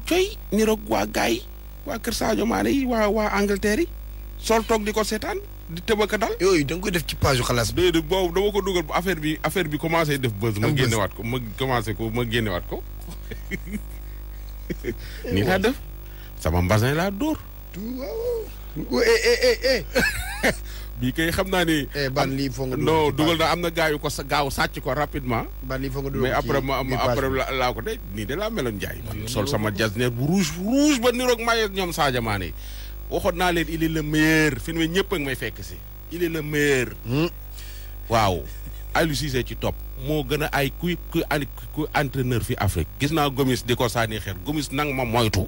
coy niroog waa gaay waa Kër Sadio Mané yi waa waa Angleterre yi sol toog di ko seetaan di tëb a dal. yooyu da nga koy def ci page xalaas bi. déedéet boobu dama ko dugal affaire bi affaire bi commencé def buzz. ma génnewaat ko ma commencé ko ma génnewaat ko. ni laa def sama mbasin laa dóor. waaw waaw eh, eh, eh, bii kay xam naa ni. Eh, ban lii foog nga non dugal na am na gaayu ko sa gaaw sàcc ko rapidement. ban lii foog nga mais après ma après laa ko de nii de laa meloon Ndiaye. sol sama jasneer bu rouge rouge ba niroog maye ñoom Sadio Mané waxoon naa leen il est le meilleur fi mu ne ñëpp a may fekk si. il est le meilleur. Hmm. waaw Aliou ci topp. moo gën a ay kuy kuy entraîneur fi Afrique. gis naa Gomis di ko sànni xeer Gomis nang ma moytu.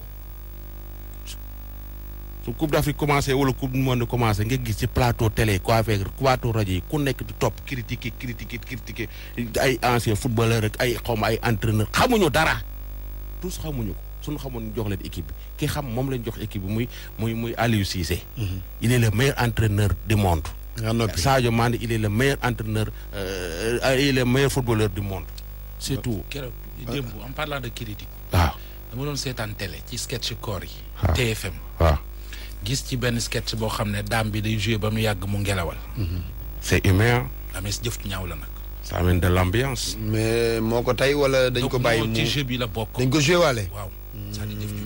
su coupe d'Afrique commencé wala coupe du monde commencé nga gis ci plateau télé quoi avec plateau rajo yi ku nekk di topp critiquer critiquer critiquer ay ancien footballeur rek ay xaw ma ay entraîneur xamuñu dara tous xamuñu ko suñu xamoon jox leen équipe bi ki xam moom lañ jox équipe bi muy muy muy Aliou Cissé. Mhm. il est le meilleur entraîneur du monde. Sadio Mané il est le meilleur entraîneur euh, il est le meilleur footballeur du monde. c'est tout keroog démb en parlant de critique. waaw dama doon seetaan télé ci sketch waaw. gis ci benn sketch boo xam ne daam bi day joué ba mu yàgg mu ngelawal. Mhm. c'est humain. amees jëf ñaaw la nag. ça amène de l'ambiance. mais moo ko tey wala dañ ko bàyyi mu ci bi la bokk. dañ ko joué waaw. Mm.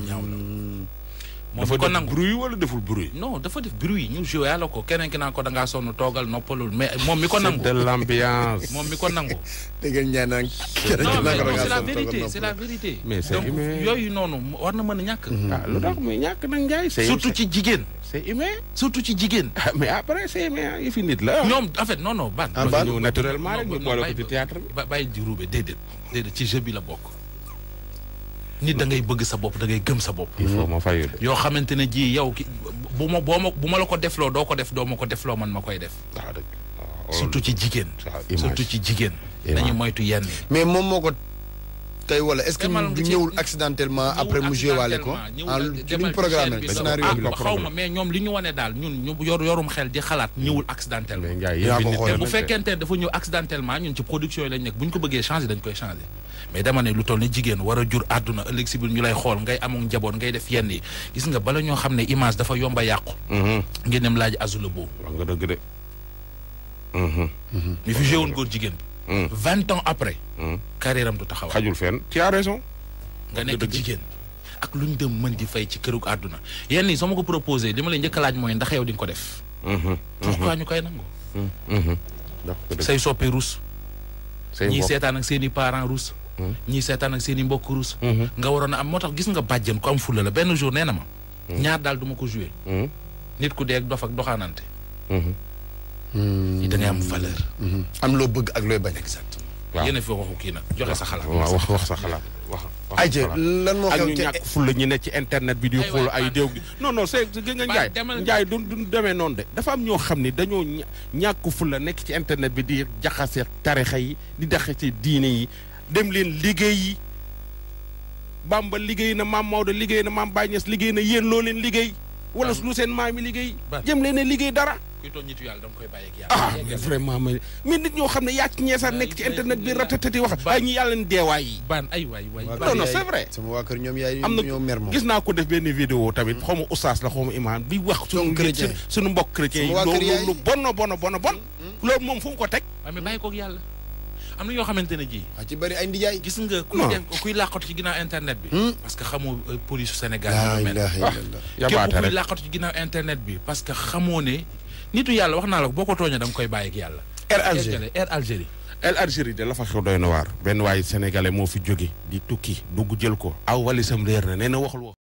dafa def bruit wala deful bruit. non dafa def bruit ñu joué la ko keneen ki naan ko da ngaa sonn toogal noppalul mais moom mi ko nangu. c'est de l'ambiance. moom mi ko nangu. dégg ngeen ñaan non mais non c'est la vérité c'est la vérité. yooyu noonu war na mën a ñàkk. ah lu tax muy ñàkk nag Ndiaye. surtout ci jigéen. c'est humain surtout ci jigéen. Ah, mais après c'est humain yëfi nit la. ñoom en fait non non ban. ah naturellement rek ñu boole ko ci théâtre bi. bàyyi di roube déedéet déedéet ci jeu bi la bokk. nit da ngay bëgg sa bopp da ngay gëm sa bopp. il faut ma yoo xamante ne ji yow ki bu ma boo ma bu ma la ko defloo doo ko def doo ma ko defloo man ma koy def. surtout ci jigéen. surtout ci jigéen. nañu moytu yenn mais moom moo ko tey wala est-ce que du ñëwul accidentellement après mu jéewaale ah, ah, mais ñoom li ñu wane daal ñun ñu yor yorum xel di xalaat ñëwul accidentellement te bu fekkente dafa ñëw accidentellement ñun ci production yi lañ nekk bu ñu ko bëggee changer dañ koy changer mais dama ne lu toll ni jigéen war a jur àdduna ëllëg si biir ñu lay xool ngay amoon njaboot ngay def yenn yi gis nga bala ñoo xam ne image dafa yomba yàqu mhm. ngeen dem laaj azula boobu wax nga dëgg de mi mhm. fi góor jigéen vingt ans après. Hmm. carrière du taxaw. xajul fenn tu as raison. nga nekk jigéen. ak lu ñu dem mën di fey ci kërug àdduna yenn yi soo ma ko proposé li ma lay njëkk laaj mooy ndax yow di ko def. Hmm. pourquoi ñu koy nangu. Hmm. say soppi ruus. say ñii seetaan ak seen i parents ruus. ñii seetaan ak seen i mbokk ruus. nga waroon a am moo tax gis nga bàjjen ko am fulla la benn jour nee ma. ñaar daal duma ko joué. nit ku dee ak dof ak doxaanante. da ngay am valeur. Mm-hmm. am loo bëgg ak looy bañ. exactement yéen a fi waxu kii nag joxe sa xalaat. waaw wax wax sa xalaat wax. ay jë lan moo xew ci ak ñu ñu ne ci internet bi di xool ay déew gi non non c'est gën nga njaay njaay du demee noonu de dafa am ñoo xam ni dañoo ñàkk ful la nekk ci internet bi di jaxase tarixa yi di jaxase diine yi dem leen liggéey yi Bamba liggéey na maam Maodo liggéey na maam Baay Ñas liggéey na yéen loo leen liggéey wala lu seen maam yi liggéey jëm leen a liggéey dara kuy tooñ nitu yàlla dama koy bàyyi ak yàlla. ah mais vraiment mais nit ñoo xam ne yaa ci ñeesaan nekk ci internet bi ratatati wax. ay ñu yàlla ne deewaay yi. ban ay waay waay. non non c'est vrai. sama waa kër ñoom yaay am na gis naa ko def benn vidéo tamit hmm. xaw ma oustaz la xaw ma imaam bi wax. suñu chrétien suñu mbokk chrétien yi loolu lu bon bon bon bon. Hmm, hmm. loolu moom fu mu ko teg. waaw mais bàyyi koog yàlla. am na ñoo xamante ne ji. ci bëri ay ndijaay. gis nga kuy dem kuy làqatu ci ginnaaw internet bi. parce que xamoo euh, police Sénégal. yaa ngi mel ah képp kuy làqatu ci ginnaaw internet bi parce que xamoo ne. nitu yàlla wax naa la boo ko tooñee da koy bàyyi yàlla. Air Algérie Air Algérie. Air Algérie de la fa xew doy na waar benn waayu sénégalais moo fi jóge di tukki dugg jël ko aw sam réer na nee na waxul